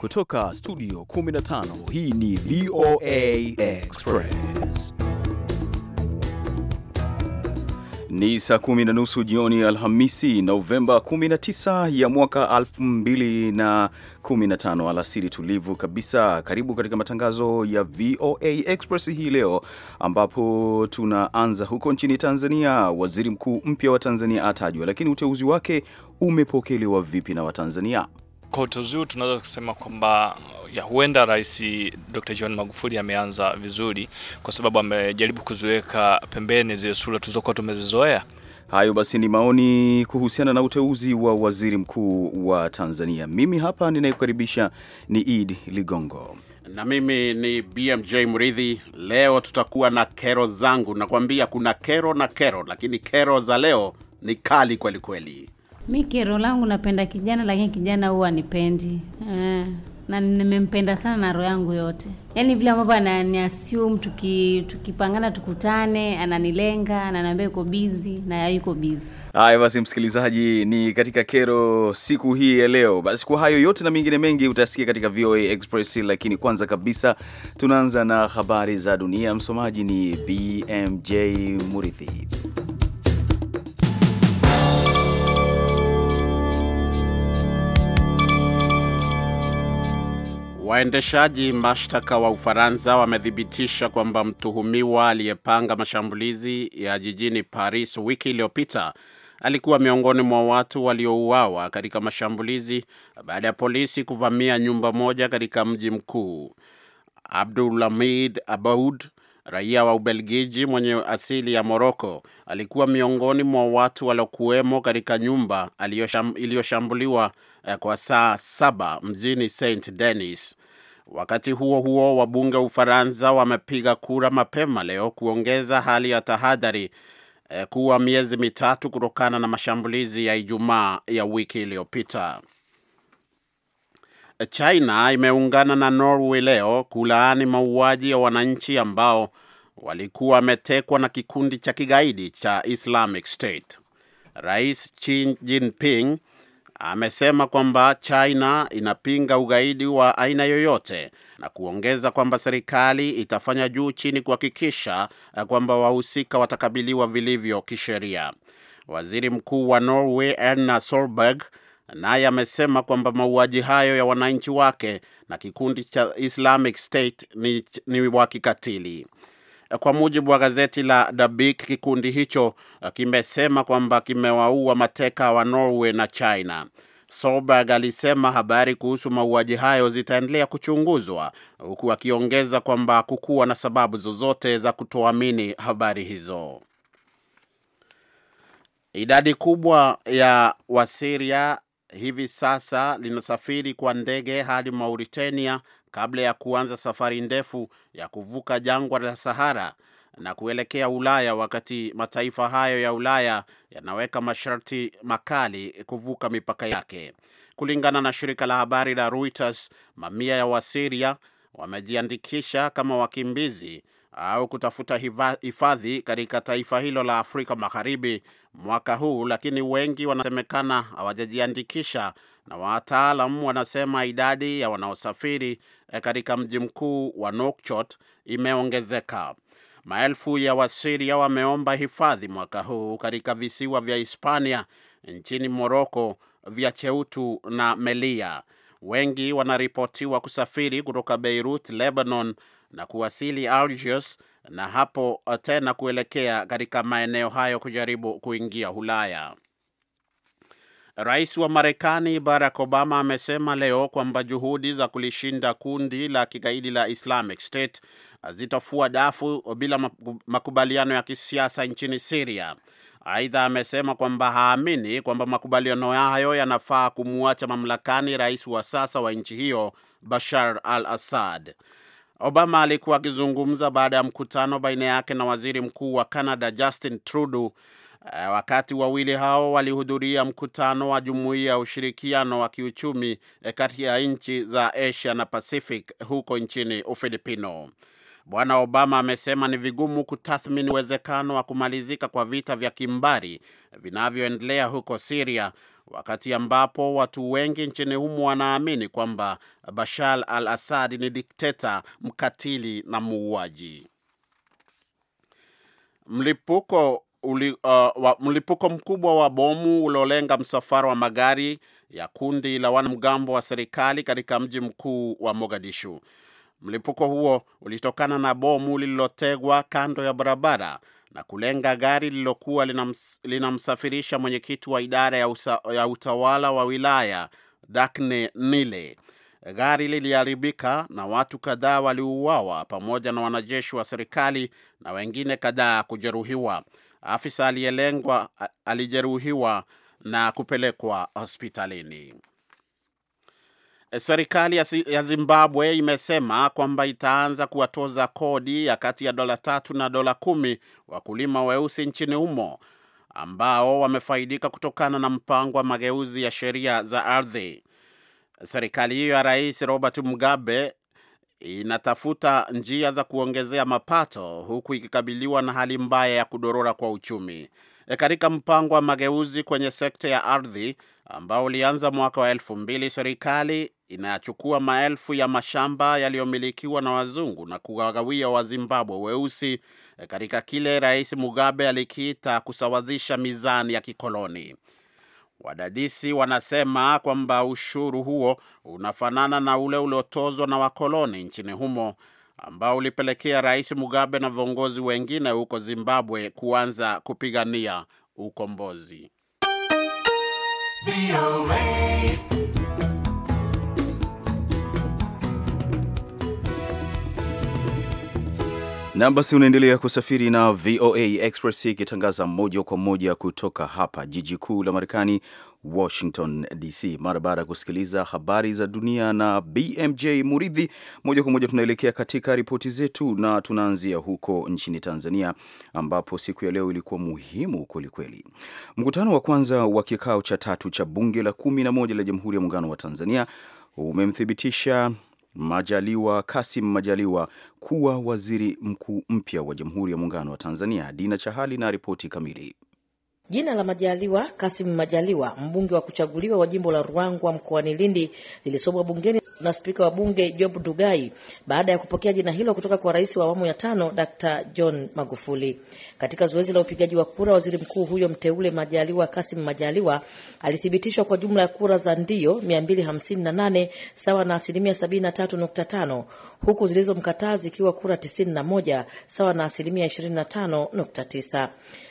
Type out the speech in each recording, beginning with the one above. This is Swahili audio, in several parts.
Kutoka studio 15 hii ni VOA Express. Ni saa kumi na nusu jioni Alhamisi, Novemba 19 ya mwaka 2015, alasiri tulivu kabisa. Karibu katika matangazo ya VOA Express hii leo, ambapo tunaanza huko nchini Tanzania. Waziri mkuu mpya wa Tanzania atajwa, lakini uteuzi wake umepokelewa vipi na Watanzania? kwa uteuzi tunaweza kusema kwamba ya huenda Rais Dr. John Magufuli ameanza vizuri kwa sababu amejaribu kuziweka pembeni zile sura tulizokuwa tumezizoea. Hayo basi ni maoni kuhusiana na uteuzi wa waziri mkuu wa Tanzania. Mimi hapa ninayekukaribisha ni Idi Ligongo na mimi ni BMJ Mridhi. Leo tutakuwa na kero zangu, nakwambia kuna kero na kero, lakini kero za leo ni kali kwelikweli kweli. Mi kero langu napenda kijana, lakini kijana huwa nipendi eh, na nimempenda sana na roho yangu yote, yaani vile ambavyo assume tuki, tukipangana tukutane, ananilenga, ananiambia yuko bizi na yuko bizi. Haya basi, msikilizaji, ni katika kero siku hii ya leo. Basi kwa hayo yote na mengine mengi utasikia katika VOA Express, lakini kwanza kabisa tunaanza na habari za dunia. Msomaji ni BMJ Murithi. Waendeshaji mashtaka wa Ufaransa wamethibitisha kwamba mtuhumiwa aliyepanga mashambulizi ya jijini Paris wiki iliyopita alikuwa miongoni mwa watu waliouawa katika mashambulizi baada ya polisi kuvamia nyumba moja katika mji mkuu. Abdulhamid Abaud raia wa Ubelgiji mwenye asili ya Moroko alikuwa miongoni mwa watu waliokuwemo katika nyumba iliyoshambuliwa eh, kwa saa saba mjini St Denis. Wakati huo huo, wabunge wa Ufaransa wamepiga kura mapema leo kuongeza hali ya tahadhari eh, kuwa miezi mitatu kutokana na mashambulizi ya Ijumaa ya wiki iliyopita. China imeungana na Norway leo kulaani mauaji ya wananchi ambao walikuwa wametekwa na kikundi cha kigaidi cha Islamic State. Rais Xi Jinping amesema kwamba China inapinga ugaidi wa aina yoyote na kuongeza kwamba serikali itafanya juu chini kuhakikisha kwamba wahusika watakabiliwa vilivyo kisheria. Waziri Mkuu wa Norway Erna Solberg naye amesema kwamba mauaji hayo ya wananchi wake na kikundi cha Islamic State ni, ni wa kikatili. Kwa mujibu wa gazeti la Dabik, kikundi hicho eh, kimesema kwamba kimewaua mateka wa Norway na China. Solberg alisema habari kuhusu mauaji hayo zitaendelea kuchunguzwa, huku akiongeza kwamba hakukuwa na sababu zozote za kutoamini habari hizo. Idadi kubwa ya Wasiria hivi sasa linasafiri kwa ndege hadi Mauritania kabla ya kuanza safari ndefu ya kuvuka jangwa la Sahara na kuelekea Ulaya, wakati mataifa hayo ya Ulaya yanaweka masharti makali kuvuka mipaka yake. Kulingana na shirika la habari la Reuters, mamia ya Wasiria wamejiandikisha kama wakimbizi au kutafuta hifadhi katika taifa hilo la Afrika Magharibi mwaka huu, lakini wengi wanasemekana hawajajiandikisha na wataalam wanasema idadi ya wanaosafiri eh, katika mji mkuu wa Nouakchott imeongezeka. Maelfu ya Wasiria wameomba hifadhi mwaka huu katika visiwa vya Hispania, nchini Moroko, vya Cheutu na Melia. Wengi wanaripotiwa kusafiri kutoka Beirut, Lebanon, na kuwasili Algiers na hapo uh, tena kuelekea katika maeneo hayo kujaribu kuingia Ulaya. Rais wa Marekani Barack Obama amesema leo kwamba juhudi za kulishinda kundi la kigaidi la Islamic State zitafua dafu bila makubaliano ya kisiasa nchini Siria. Aidha, amesema kwamba haamini kwamba makubaliano hayo yanafaa kumwacha mamlakani rais wa sasa wa nchi hiyo Bashar al-Assad. Obama alikuwa akizungumza baada ya mkutano baina yake na waziri mkuu wa Canada Justin Trudeau. Eh, wakati wawili hao walihudhuria mkutano wa jumuiya ya ushirikiano wa kiuchumi eh, kati ya nchi za Asia na Pacific huko nchini Ufilipino. Bwana Obama amesema ni vigumu kutathmini uwezekano wa kumalizika kwa vita vya kimbari vinavyoendelea huko Siria wakati ambapo watu wengi nchini humo wanaamini kwamba Bashar al-Assad ni dikteta mkatili na muuaji. Mlipuko Uli, uh, wa, mlipuko mkubwa wa bomu uliolenga msafara wa magari ya kundi la wanamgambo wa serikali katika mji mkuu wa Mogadishu. Mlipuko huo ulitokana na bomu lililotegwa kando ya barabara na kulenga gari lililokuwa linamsafirisha mwenyekiti wa idara ya, usa, ya utawala wa wilaya Dakne Nile. Gari liliharibika na watu kadhaa waliuawa pamoja na wanajeshi wa serikali na wengine kadhaa kujeruhiwa. Afisa aliyelengwa alijeruhiwa na kupelekwa hospitalini. Eh, serikali ya Zimbabwe imesema kwamba itaanza kuwatoza kodi ya kati ya dola tatu na dola kumi wakulima weusi nchini humo ambao wamefaidika kutokana na mpango wa mageuzi ya sheria za ardhi. Serikali hiyo ya Rais Robert Mugabe inatafuta njia za kuongezea mapato huku ikikabiliwa na hali mbaya ya kudorora kwa uchumi. E, katika mpango wa mageuzi kwenye sekta ya ardhi ambao ulianza mwaka wa elfu mbili, serikali inayachukua maelfu ya mashamba yaliyomilikiwa na wazungu na kuwagawia Wazimbabwe weusi eh, katika kile Rais Mugabe alikiita kusawazisha mizani ya kikoloni. Wadadisi wanasema kwamba ushuru huo unafanana na ule uliotozwa na wakoloni nchini humo ambao ulipelekea Rais Mugabe na viongozi wengine huko Zimbabwe kuanza kupigania ukombozi. na basi unaendelea kusafiri na VOA Express ikitangaza moja kwa moja kutoka hapa jiji kuu la Marekani, Washington DC. Mara baada ya kusikiliza habari za dunia na BMJ Muridhi, moja kwa moja tunaelekea katika ripoti zetu, na tunaanzia huko nchini Tanzania ambapo siku ya leo ilikuwa muhimu kwelikweli. Mkutano wa kwanza wa kikao cha tatu cha bunge la kumi na moja la Jamhuri ya Muungano wa Tanzania umemthibitisha Majaliwa Kasim Majaliwa kuwa waziri mkuu mpya wa Jamhuri ya Muungano wa Tanzania. Dina Chahali na ripoti kamili. Jina la Majaliwa Kasim Majaliwa, mbunge wa kuchaguliwa wa jimbo la Ruangwa mkoani Lindi, lilisomwa bungeni na spika wa bunge Job Dugai baada ya kupokea jina hilo kutoka kwa rais wa awamu ya tano Dr. John Magufuli. Katika zoezi la upigaji wa kura, waziri mkuu huyo mteule Majaliwa Kasim Majaliwa alithibitishwa kwa jumla ya kura za ndio 258 sawa na asilimia 73.5 huku zilizomkataa zikiwa kura 91 sawa na asilimia 25.9.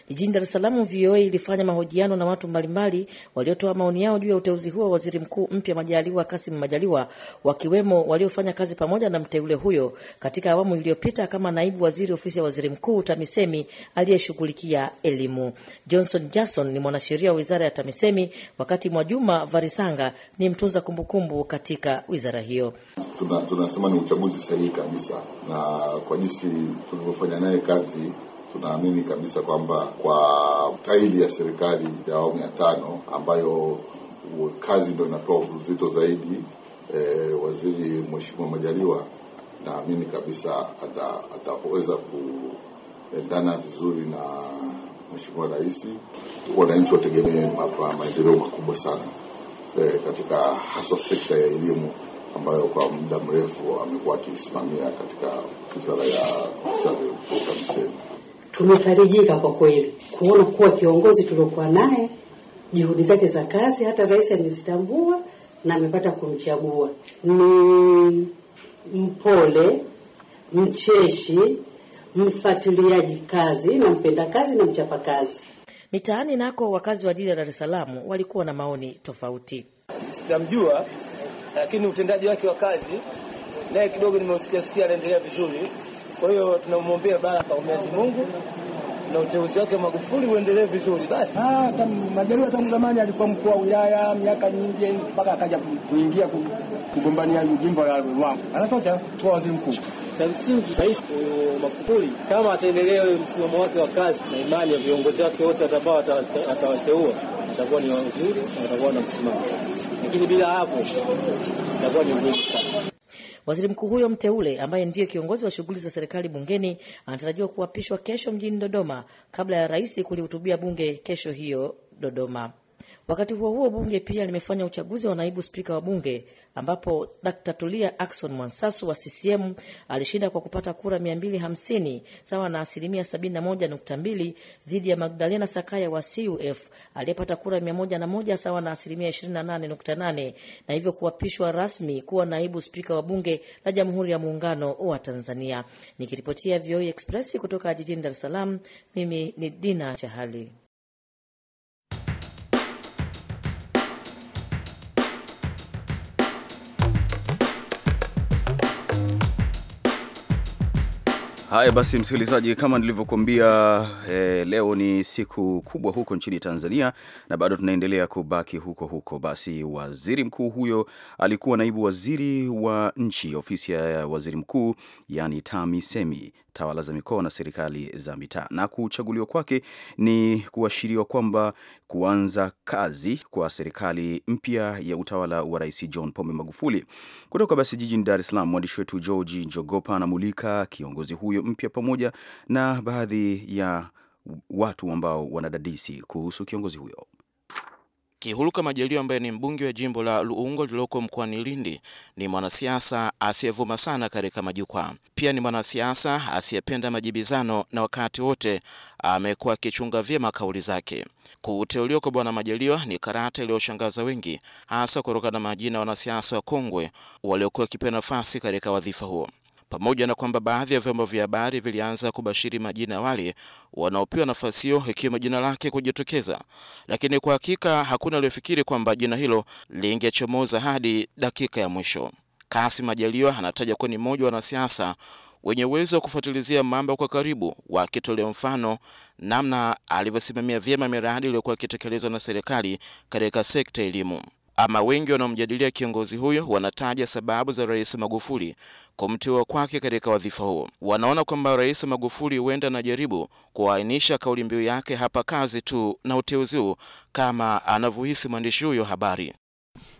Jijini Dar es Salaam, VOA ilifanya mahojiano na watu mbalimbali waliotoa maoni yao juu ya uteuzi huo wa waziri mkuu mpya Majaliwa Kasim Majaliwa, wakiwemo waliofanya kazi pamoja na mteule huyo katika awamu iliyopita kama naibu waziri ofisi ya waziri mkuu TAMISEMI aliyeshughulikia elimu. Johnson Jason ni mwanasheria wa wizara ya TAMISEMI, wakati Mwajuma Varisanga ni mtunza kumbukumbu katika wizara hiyo. Tunasema tuna ni uchaguzi sahihi kabisa, na kwa jinsi tulivyofanya naye kazi tunaamini kabisa kwamba kwa staili ya serikali ya awamu ya tano ambayo kazi ndo inapewa uzito zaidi e, waziri Mheshimiwa Majaliwa, naamini kabisa ataweza kuendana vizuri na Mheshimiwa Rais. Wananchi wategemee maendeleo makubwa sana e, katika haswa sekta ya elimu ambayo kwa muda mrefu amekuwa akisimamia katika wizara ya vizazi TAMISEMI. Tumefarijika kwa kweli kuona kuwa kiongozi tuliokuwa naye juhudi zake za kazi hata rais amezitambua na amepata kumchagua. Ni mpole, mcheshi, mfuatiliaji kazi na mpenda kazi na mchapa kazi. Mitaani nako wakazi wa jiji la Dar es Salaam walikuwa na maoni tofauti. Sijamjua, lakini utendaji wake wa kazi naye kidogo nimeusikia sikia, anaendelea vizuri. Kwa hiyo tunamwombea baraka kwa Mwenyezi Mungu na uteuzi wake Magufuli uendelee vizuri. Basi ah, Majaliwa tangu zamani alikuwa mkuu wa wilaya miaka nyingi, mpaka akaja kuingia kugombania jimbo la Ruangwa, anatoka kuwa waziri mkuu. Cha msingi Rais Magufuli kama ataendelea msimamo wake wa kazi na imani ya viongozi wake wote atakao atawateua, atakuwa ni wazuri, atakuwa na msimamo lakini bila hapo itakuwa ni ngumu sana. Waziri mkuu huyo mteule ambaye ndiye kiongozi wa shughuli za serikali bungeni anatarajiwa kuapishwa kesho mjini Dodoma kabla ya rais kulihutubia bunge kesho hiyo Dodoma. Wakati huo huo, bunge pia limefanya uchaguzi wa naibu spika wa bunge ambapo Dkt. Tulia Ackson Mwansasu wa CCM alishinda kwa kupata kura 250 sawa na asilimia 71.2 dhidi ya Magdalena Sakaya wa CUF aliyepata kura 101 sawa na asilimia 28.8 na hivyo kuapishwa rasmi kuwa naibu spika wa bunge la Jamhuri ya Muungano wa Tanzania. Nikiripotia VOA e Express kutoka jijini Dar es Salaam, mimi ni Dina Chahali. Haya basi, msikilizaji, kama nilivyokuambia eh, leo ni siku kubwa huko nchini Tanzania na bado tunaendelea kubaki huko huko. Basi waziri mkuu huyo alikuwa naibu waziri wa nchi ofisi ya waziri mkuu, yani TAMISEMI tawala za mikoa na serikali za mitaa. Na kuchaguliwa kwake ni kuashiriwa kwamba kuanza kazi kwa serikali mpya ya utawala wa Rais John Pombe Magufuli. Kutoka basi jijini Dar es Salaam, mwandishi wetu Georgi Jogopa anamulika kiongozi huyo mpya pamoja na baadhi ya watu ambao wanadadisi kuhusu kiongozi huyo. Kihuluka Majaliwa ambaye ni mbunge wa jimbo la Luungo lililoko mkoani Lindi ni mwanasiasa asiyevuma sana katika majukwaa. Pia ni mwanasiasa asiyependa majibizano na wakati wote amekuwa akichunga vyema kauli zake. Kuteuliwa kwa Bwana Majaliwa ni karata iliyoshangaza wengi, hasa kutokana na majina ya wanasiasa wakongwe waliokuwa wakipewa nafasi katika wadhifa huo pamoja na kwamba baadhi ya vyombo vya habari vilianza kubashiri majina ya wale wanaopewa nafasi hiyo ikiwemo jina lake kujitokeza, lakini kwa hakika hakuna aliyofikiri kwamba jina hilo lingechomoza hadi dakika ya mwisho. Kassim Majaliwa anataja kuwa ni mmoja wa wanasiasa wenye uwezo wa kufuatilizia mambo kwa karibu, wakitolea mfano namna alivyosimamia vyema miradi iliyokuwa ikitekelezwa na serikali katika sekta elimu ama wengi wanaomjadilia kiongozi huyo wanataja sababu za Rais Magufuli kumteua kwake katika wadhifa huo. Wanaona kwamba Rais Magufuli huenda anajaribu kuainisha kauli mbiu yake hapa kazi tu na uteuzi huu, kama anavyohisi mwandishi huyo habari.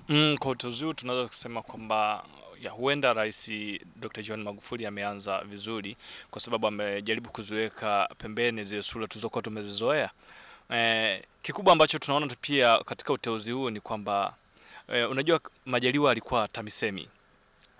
Mm, kwa uteuzi huu tunaweza kusema kwamba ya huenda Rais Dr. John Magufuli ameanza vizuri, kwa sababu amejaribu kuziweka pembeni zile sura tulizokuwa tumezizoea. Eh, kikubwa ambacho tunaona pia katika uteuzi huu ni kwamba Eh, unajua Majaliwa alikuwa TAMISEMI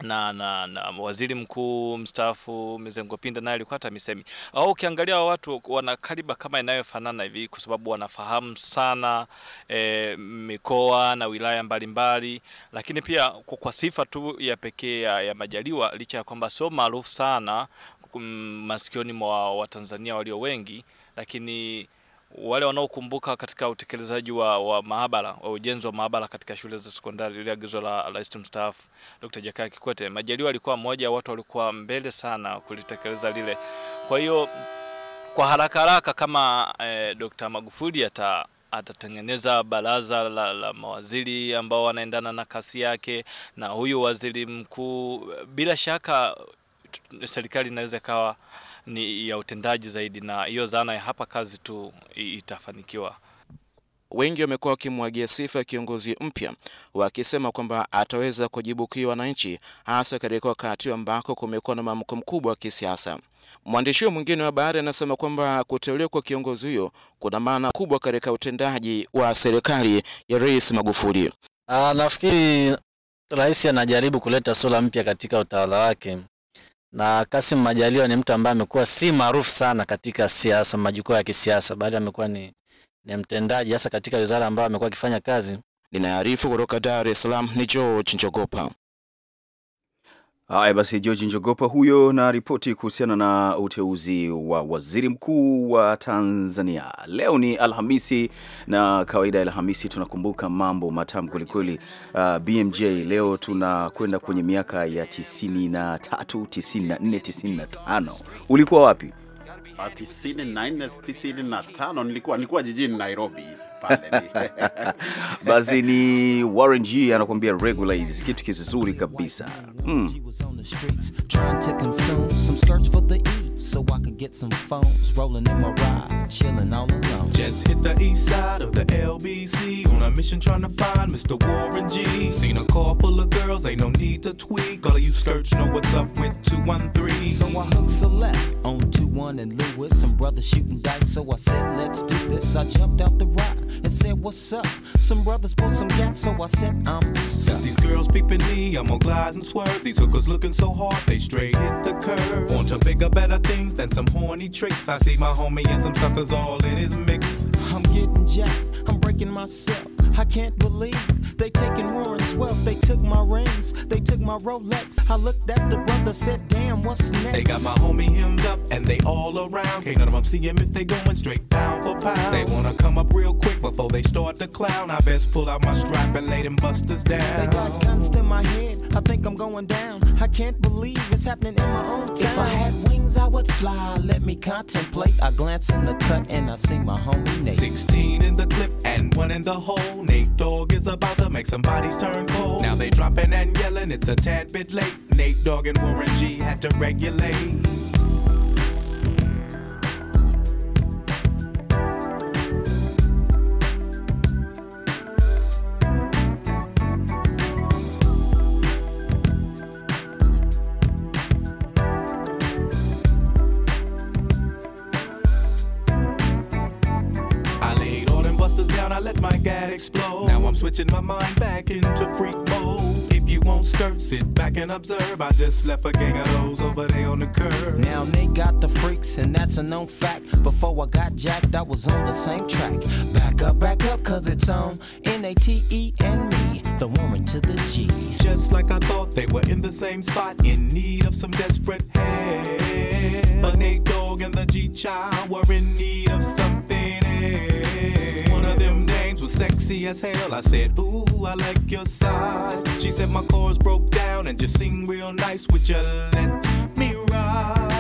na, na, na waziri mkuu mstaafu Mzee Pinda naye alikuwa TAMISEMI au ukiangalia watu wana kariba kama inayofanana hivi, kwa sababu wanafahamu sana e, mikoa na wilaya mbalimbali mbali. Lakini pia kwa sifa tu ya pekee ya, ya Majaliwa licha ya kwamba sio maarufu sana mm, masikioni mwa Watanzania walio wengi, lakini wale wanaokumbuka katika utekelezaji wa, wa maabara wa ujenzi wa maabara katika shule za sekondari, ile agizo la rais mstaafu Dr. Jakaya Kikwete, Majaliwa alikuwa mmoja wa watu walikuwa mbele sana kulitekeleza lile. Kwa hiyo kwa haraka haraka kama eh, Dr. Magufuli ata atatengeneza baraza la, la mawaziri ambao wanaendana na kasi yake na huyu waziri mkuu, bila shaka serikali inaweza ikawa ni ya utendaji zaidi, na hiyo zana ya hapa kazi tu itafanikiwa. Wengi wamekuwa wakimwagia sifa ya kiongozi mpya wakisema kwamba ataweza kujibukia wananchi, hasa katika wakati ambako kumekuwa na mwamko mkubwa wa kisiasa. Mwandishi huyo mwingine wa habari anasema kwamba kuteuliwa kwa kiongozi huyo kuna maana kubwa katika utendaji wa serikali ya Rais Magufuli. Aa, ah, nafikiri rais anajaribu kuleta sura mpya katika utawala wake, na Kassim Majaliwa ni mtu ambaye amekuwa si maarufu sana katika siasa, majukwaa ya kisiasa, bali amekuwa ni, ni mtendaji hasa katika wizara ambayo amekuwa akifanya kazi. Ninaarifu kutoka Dar es Salaam ni George Njogopa. Haya basi, George Njogopa huyo na ripoti kuhusiana na uteuzi wa waziri mkuu wa Tanzania. Leo ni Alhamisi na kawaida ya Alhamisi tunakumbuka mambo matamu kwelikweli. Uh, ah, BMJ leo tunakwenda kwenye miaka ya 93, 94, 95. Ulikuwa wapi? 94, ah, 95 nilikuwa nilikuwa jijini Nairobi. Basi ni Warren G anakuambia regulate kitu kizuri kabisa. Mm. so I could get some phones rolling in my ride, chilling all alone. Just hit the east side of the LBC on a mission trying to find Mr. Warren G. Seen a car full of girls, ain't no need to tweak. All of you search know what's up with 213. So I hooked a left on 21 and Lewis. Some brothers shooting dice, so I said, let's do this. I jumped out the rock and said, What's up? Some brothers bought some gas, so I said, I'm stuck. Since these girls peeping me, I'm gonna glide and swerve. These hookers looking so hard, they straight hit the curve. Want to bigger, better things than some horny tricks. I see my homie and some suckers all in his mix. I'm getting jacked. I'm breaking myself. I can't believe they taking Warren's wealth. They took my rings, they took my Rolex. I looked at the brother, said, Damn, what's next? They got my homie hemmed up and they all around. Can't none of them see him if they going straight down for pound. They wanna come up real quick before they start to clown. I best pull out my strap and lay them busters down. They got guns to my head I think I'm going down. I can't believe it's happening in my own town. If I had wings, I would fly. Let me contemplate. I glance in the cut and I see my homie Nate. 16 in the clip and one in the hole. Nate Dogg is about to make some bodies turn cold. Now they dropping and yelling. It's a tad bit late. Nate Dogg and Warren G had to regulate. switching my mind back into freak mode If you won't skirt. Sit back and observe. I just left a gang of those over there on the curb. Now they got the freaks, and that's a known fact. Before I got jacked, I was on the same track. Back up, back up, cause it's on N A T E and me, the woman to the G. Just like I thought they were in the same spot, in need of some desperate help. The Nate Dogg and the G Child were in need of some sexy as hell. I said, Ooh, I like your size. She said, My chords broke down and just sing real nice. Would you let me ride?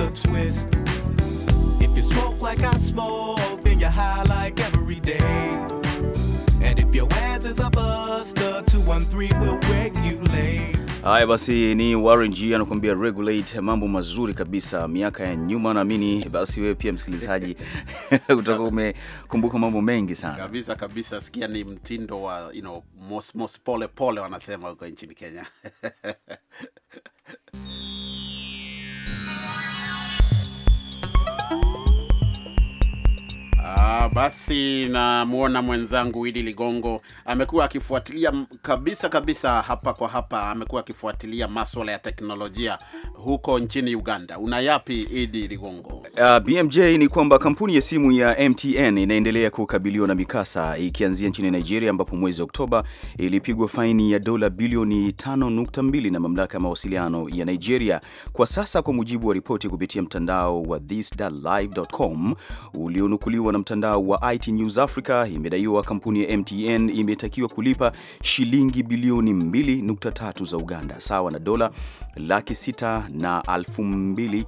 a twist. If you smoke like I smoke, then you're high like every day. And if your ass is a buster, 213 will wake you late. Haya basi, ni Warren G anakuambia regulate, mambo mazuri kabisa, miaka ya nyuma. Naamini basi wewe pia msikilizaji utakuwa umekumbuka mambo mengi sana kabisa kabisa. Sikia, ni mtindo wa you know, mos mos, pole pole, wanasema huko nchini Kenya Ah, basi namwona mwenzangu Idi Ligongo amekuwa akifuatilia kabisa kabisa hapa kwa hapa, amekuwa akifuatilia maswala ya teknolojia huko nchini Uganda. Una yapi Idi Ligongo? Uh, ah, BMJ ni kwamba kampuni ya simu ya MTN inaendelea kukabiliwa na mikasa ikianzia nchini Nigeria, ambapo mwezi Oktoba ilipigwa faini ya dola bilioni 5.2 na mamlaka ya mawasiliano ya Nigeria. Kwa sasa, kwa mujibu wa ripoti kupitia mtandao wa thisdalive.com ulionukuliwa na mtandao wa IT News Africa imedaiwa kampuni ya MTN imetakiwa kulipa shilingi bilioni 2.3 za Uganda sawa na dola laki 6 na elfu mbili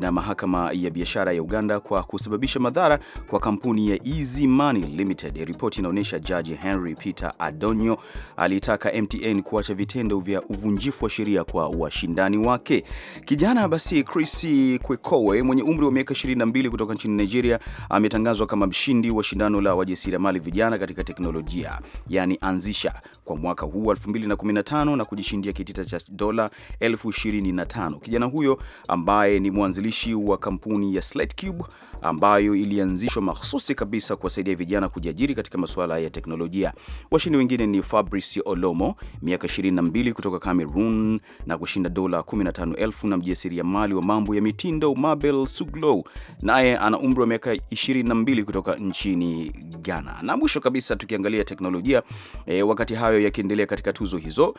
na mahakama ya biashara ya Uganda kwa kusababisha madhara kwa kampuni ya Easy Money Limited. Ripoti inaonyesha Jaji Henry Peter Adonyo alitaka MTN kuacha vitendo vya uvunjifu wa sheria kwa washindani wake. Kijana basi Chris Kwekowe mwenye umri wa miaka 22 kutoka nchini Nigeria ametangazwa kama mshindi wa shindano la wajasiriamali vijana katika teknolojia, yani anzisha kwa mwaka huu 2015 na kujishindia kitita cha dola elfu 25. Kijana huyo ambaye ni mwanzilishi wa kampuni ya cube ambayo ilianzishwa mahususi kabisa kuwasaidia vijana kujiajiri katika masuala ya teknolojia. Washindi wengine ni Fabrice Olomo, miaka 22, kutoka Cameroon na kushinda dola 15,000 na mjasiriamali wa mambo ya mitindo Mabel Suglo naye ana umri wa miaka 22, kutoka nchini Ghana. Na mwisho kabisa tukiangalia teknolojia e, wakati hayo yakiendelea katika tuzo hizo, uh,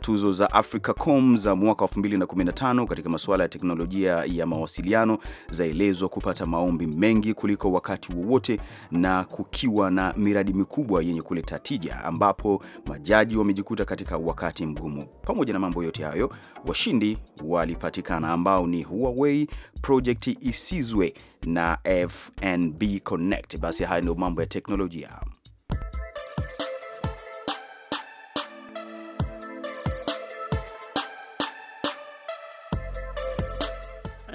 tuzo za Africa Com za mwaka 2015 katika masuala ya teknolojia ya mawasiliano zaelezwa kupata maombi maombi mengi kuliko wakati wowote na kukiwa na miradi mikubwa yenye kuleta tija, ambapo majaji wamejikuta katika wakati mgumu. Pamoja na mambo yote hayo, washindi walipatikana ambao ni Huawei, Project Isizwe na FNB Connect. Basi haya ndio mambo ya teknolojia.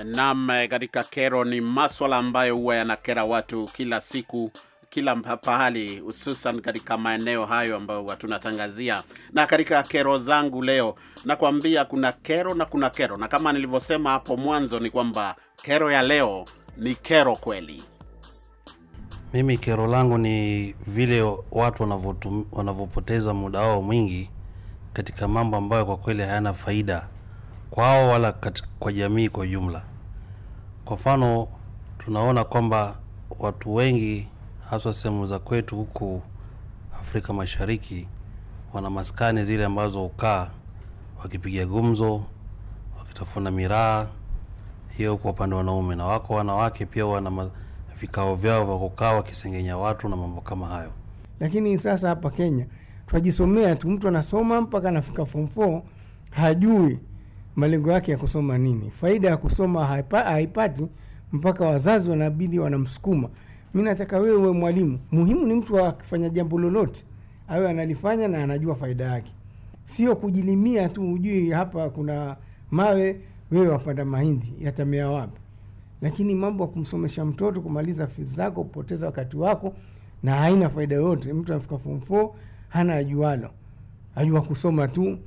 Naam, eh, katika kero ni maswala ambayo huwa yanakera watu kila siku kila pahali, hususan katika maeneo hayo ambayo tunatangazia. Na katika kero zangu leo nakwambia kuna kero na kuna kero, na kama nilivyosema hapo mwanzo ni kwamba kero ya leo ni kero kweli. Mimi kero langu ni vile watu wanavyopoteza muda wao mwingi katika mambo ambayo kwa kweli hayana faida kwao wala kwa jamii kwa ujumla. Kwa mfano tunaona kwamba watu wengi haswa sehemu za kwetu huku Afrika Mashariki wana maskani zile ambazo hukaa wakipiga gumzo, wakitafuna miraha hiyo kwa upande wa wanaume, na wako wanawake pia wana vikao vyao vya kukaa wakisengenya watu na mambo kama hayo. Lakini sasa hapa Kenya twajisomea tu, mtu anasoma mpaka anafika form hajui malengo yake ya kusoma nini, faida ya kusoma haipa, haipati mpaka wazazi wanabidi wanamsukuma, mi nataka wewe uwe mwalimu. Muhimu ni mtu akifanya jambo lolote awe analifanya na anajua faida yake, sio kujilimia tu, hujui hapa kuna mawe, wewe wapanda mahindi yatamea wapi? Lakini mambo ya kumsomesha mtoto, kumaliza fizi zako, kupoteza wakati wako na haina faida yoyote. Mtu anafika form four hana ajualo, ajua kusoma tu.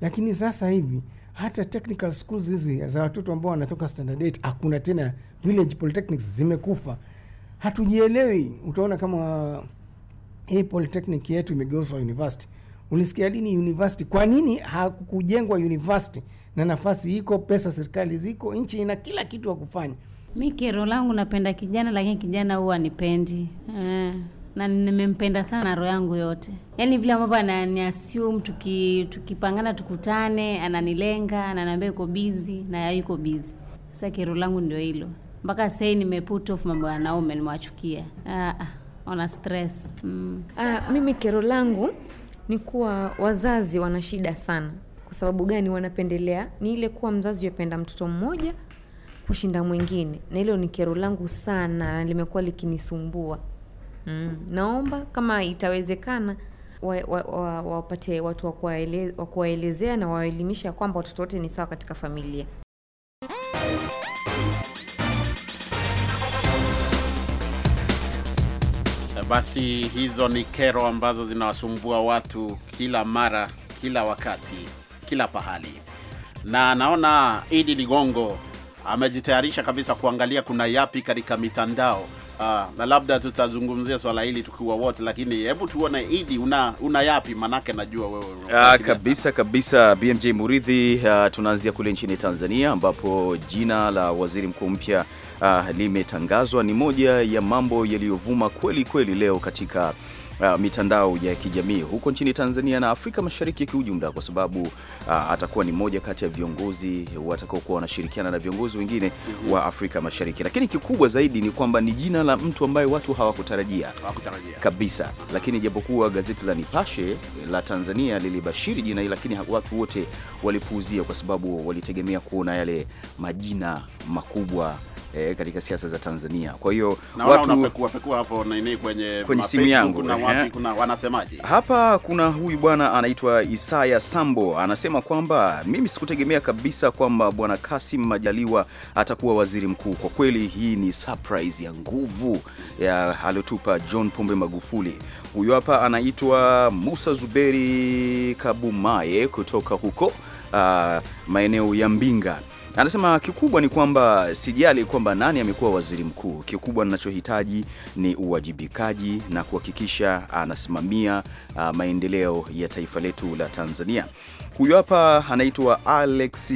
Lakini sasa hivi hata technical schools hizi za watoto ambao wanatoka standard 8 hakuna tena, village polytechnics zimekufa, hatujielewi. Utaona kama hii polytechnic yetu imegeuzwa university. Ulisikia lini university? Kwa nini hakukujengwa university? Na nafasi iko, pesa serikali ziko, nchi ina kila kitu wa kufanya. Mi kero langu napenda kijana, lakini kijana huwa nipendi eh na nimempenda sana roho yangu yote, yaani vile ambavyo ananiassume, tuki tukipangana tukutane, ananilenga, ananiambia yuko busy na yuko busy. Sasa kero langu ndio hilo, mpaka sasa nimeput off mambo ya wanaume, nimewachukia ah, ah, ona stress mm. Ah, mimi kero langu ni kuwa wazazi wana shida sana. Kwa sababu gani? Wanapendelea ni ile kuwa mzazi yapenda mtoto mmoja kushinda mwingine, na hilo ni kero langu sana, na limekuwa likinisumbua. Mm, naomba kama itawezekana wapate wa, wa, wa, watu wa kuwaelezea na waelimisha kwamba watoto wote ni sawa katika familia. Basi hizo ni kero ambazo zinawasumbua watu kila mara, kila wakati, kila pahali, na naona Idi Ligongo amejitayarisha kabisa kuangalia kuna yapi katika mitandao Ah, na labda tutazungumzia swala hili tukiwa wote, lakini hebu tuone Idi, una, una yapi? Manake najua wewe ah, kabisa sana. Kabisa BMJ Muridhi. Uh, tunaanzia kule nchini Tanzania ambapo jina la waziri mkuu mpya uh, limetangazwa. Ni moja ya mambo yaliyovuma kweli kweli leo katika uh, mitandao ya kijamii huko nchini Tanzania na Afrika Mashariki kiujumla, kwa sababu uh, atakuwa ni moja kati ya viongozi watakaokuwa wanashirikiana na viongozi wengine mm -hmm. wa Afrika Mashariki, lakini kikubwa zaidi ni kwamba ni jina la mtu ambaye watu hawakutarajia hawakutarajia kabisa, lakini japokuwa gazeti la Nipashe la Tanzania lilibashiri jina hili, lakini watu wote walipuuzia, kwa sababu walitegemea kuona yale majina makubwa e, katika siasa za Tanzania. Kwa hiyo watu unapekua pekua hapo nini kwenye kwenye simu yangu, kuna wapi, eh? kuna wanasemaje hapa? Kuna huyu bwana anaitwa Isaya Sambo anasema kwamba mimi sikutegemea kabisa kwamba bwana Kasim Majaliwa atakuwa waziri mkuu. Kwa kweli hii ni surprise ya nguvu ya aliotupa John Pombe Magufuli. Huyu hapa anaitwa Musa Zuberi Kabumaye kutoka huko uh, maeneo ya Mbinga Anasema kikubwa ni kwamba sijali kwamba nani amekuwa waziri mkuu, kikubwa ninachohitaji ni uwajibikaji na kuhakikisha anasimamia ah, maendeleo ya taifa letu la Tanzania. Huyu hapa anaitwa Alex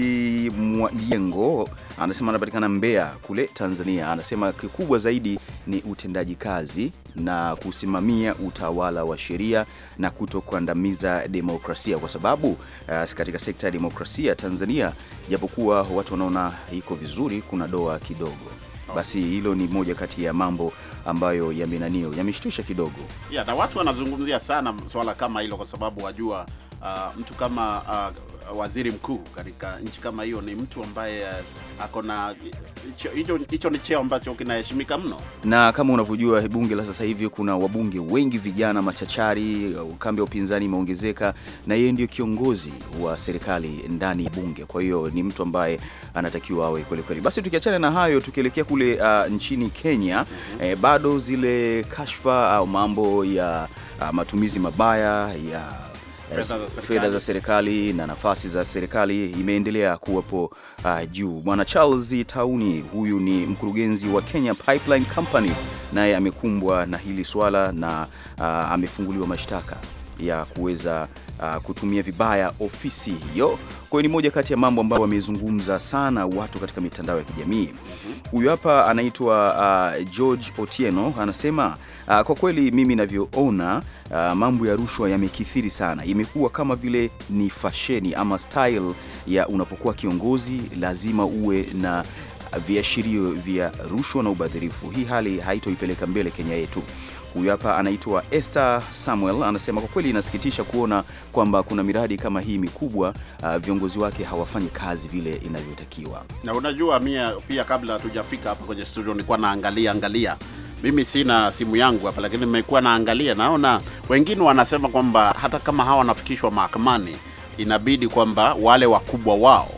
Mwajengo, anasema anapatikana Mbeya kule Tanzania. Anasema kikubwa zaidi ni utendaji kazi na kusimamia utawala wa sheria na kutokandamiza demokrasia, kwa sababu uh, katika sekta ya demokrasia Tanzania, japokuwa watu wanaona iko vizuri, kuna doa kidogo basi hilo ni moja kati ya mambo ambayo yamenanio yameshtusha kidogo ya, na watu wanazungumzia sana swala kama hilo, kwa sababu wajua uh, mtu kama uh, waziri mkuu katika nchi kama hiyo ni mtu ambaye uh, ako na hicho ni cheo ambacho kinaheshimika mno, na kama unavyojua bunge la sasa hivi kuna wabunge wengi vijana machachari, kambi ya upinzani imeongezeka, na yeye ndio kiongozi wa serikali ndani ya bunge. Kwa hiyo ni mtu ambaye anatakiwa awe kweli kweli. Basi tukiachana na hayo, tukielekea kule uh, nchini Kenya mm -hmm. eh, bado zile kashfa au mambo ya uh, matumizi mabaya ya fedha za serikali na nafasi za serikali imeendelea kuwepo uh, juu. Bwana Charles Tauni, huyu ni mkurugenzi wa Kenya Pipeline Company, naye amekumbwa na hili swala na uh, amefunguliwa mashtaka ya kuweza uh, kutumia vibaya ofisi hiyo. Kwa hiyo ni moja kati ya mambo ambayo wamezungumza sana watu katika mitandao ya kijamii. Mhm. Huyu hapa anaitwa uh, George Otieno anasema Ah, kwa kweli mimi navyoona, ah, mambo ya rushwa yamekithiri sana, imekuwa kama vile ni fasheni ama style ya unapokuwa kiongozi lazima uwe na viashirio vya rushwa na ubadhirifu. Hii hali haitoipeleka mbele Kenya yetu. Huyu hapa anaitwa Esther Samuel, anasema kwa kweli inasikitisha kuona kwamba kuna miradi kama hii mikubwa, uh, viongozi wake hawafanyi kazi vile inavyotakiwa. Na unajua mia pia, kabla hatujafika hapa kwenye studio, nilikuwa naangalia angalia, angalia mimi sina simu yangu hapa, lakini nimekuwa naangalia, naona wengine wanasema kwamba hata kama hawa wanafikishwa mahakamani, inabidi kwamba wale wakubwa wao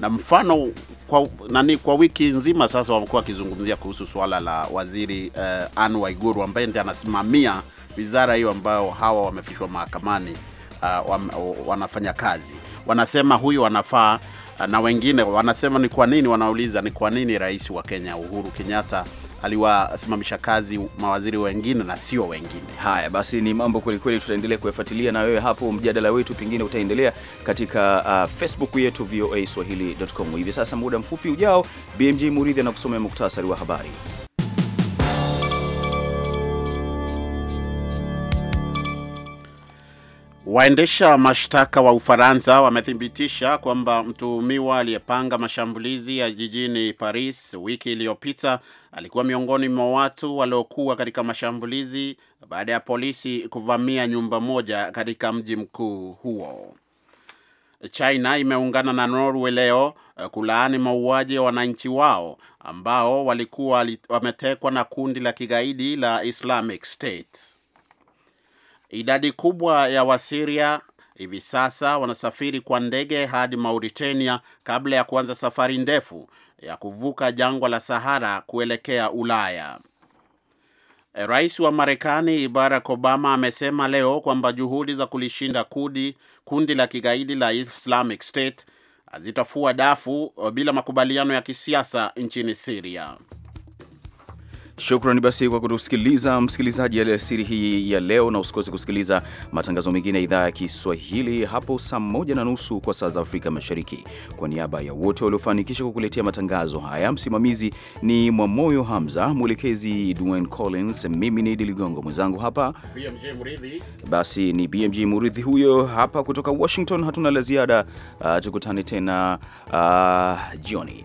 na mfano kwa, nani kwa wiki nzima sasa wamekuwa wakizungumzia kuhusu suala la waziri uh, Anne Waiguru ambaye ndiye anasimamia wizara hiyo ambayo hawa wamefishwa mahakamani uh, wam, wanafanya kazi. Wanasema huyu anafaa, eh, na wengine wanasema ni kwa nini, wanauliza ni kwa nini rais wa Kenya Uhuru Kenyatta aliwasimamisha kazi mawaziri wengine na sio wengine. Haya basi, ni mambo kwelikweli, tutaendelea kuyafuatilia na wewe hapo. Mjadala wetu pengine utaendelea katika uh, Facebook yetu voa swahili.com. Hivi sasa muda mfupi ujao, BMJ Muridhi anakusomea muktasari wa habari. Waendesha mashtaka wa Ufaransa wamethibitisha kwamba mtuhumiwa aliyepanga mashambulizi ya jijini Paris wiki iliyopita alikuwa miongoni mwa watu waliokuwa katika mashambulizi baada ya polisi kuvamia nyumba moja katika mji mkuu huo. China imeungana na Norway leo eh, kulaani mauaji ya wananchi wao ambao walikuwa wametekwa na kundi la kigaidi la Islamic State. Idadi kubwa ya Wasiria hivi sasa wanasafiri kwa ndege hadi Mauritania kabla ya kuanza safari ndefu ya kuvuka jangwa la Sahara kuelekea Ulaya. Rais wa Marekani Barack Obama amesema leo kwamba juhudi za kulishinda kundi, kundi la kigaidi la Islamic State hazitafua dafu bila makubaliano ya kisiasa nchini siria Shukrani basi kwa kutusikiliza msikilizaji alasiri hii ya leo, na usikose kusikiliza matangazo mengine ya idhaa ya Kiswahili hapo saa moja na nusu kwa saa za Afrika Mashariki. Kwa niaba ya wote waliofanikisha kukuletea matangazo haya, msimamizi ni Mwamoyo Hamza, mwelekezi Dwayne Collins, mimi ni Idi Ligongo, mwenzangu hapa BMJ Muridhi. Basi ni BMJ Muridhi huyo hapa kutoka Washington. Hatuna la ziada, uh, tukutane tena uh, jioni.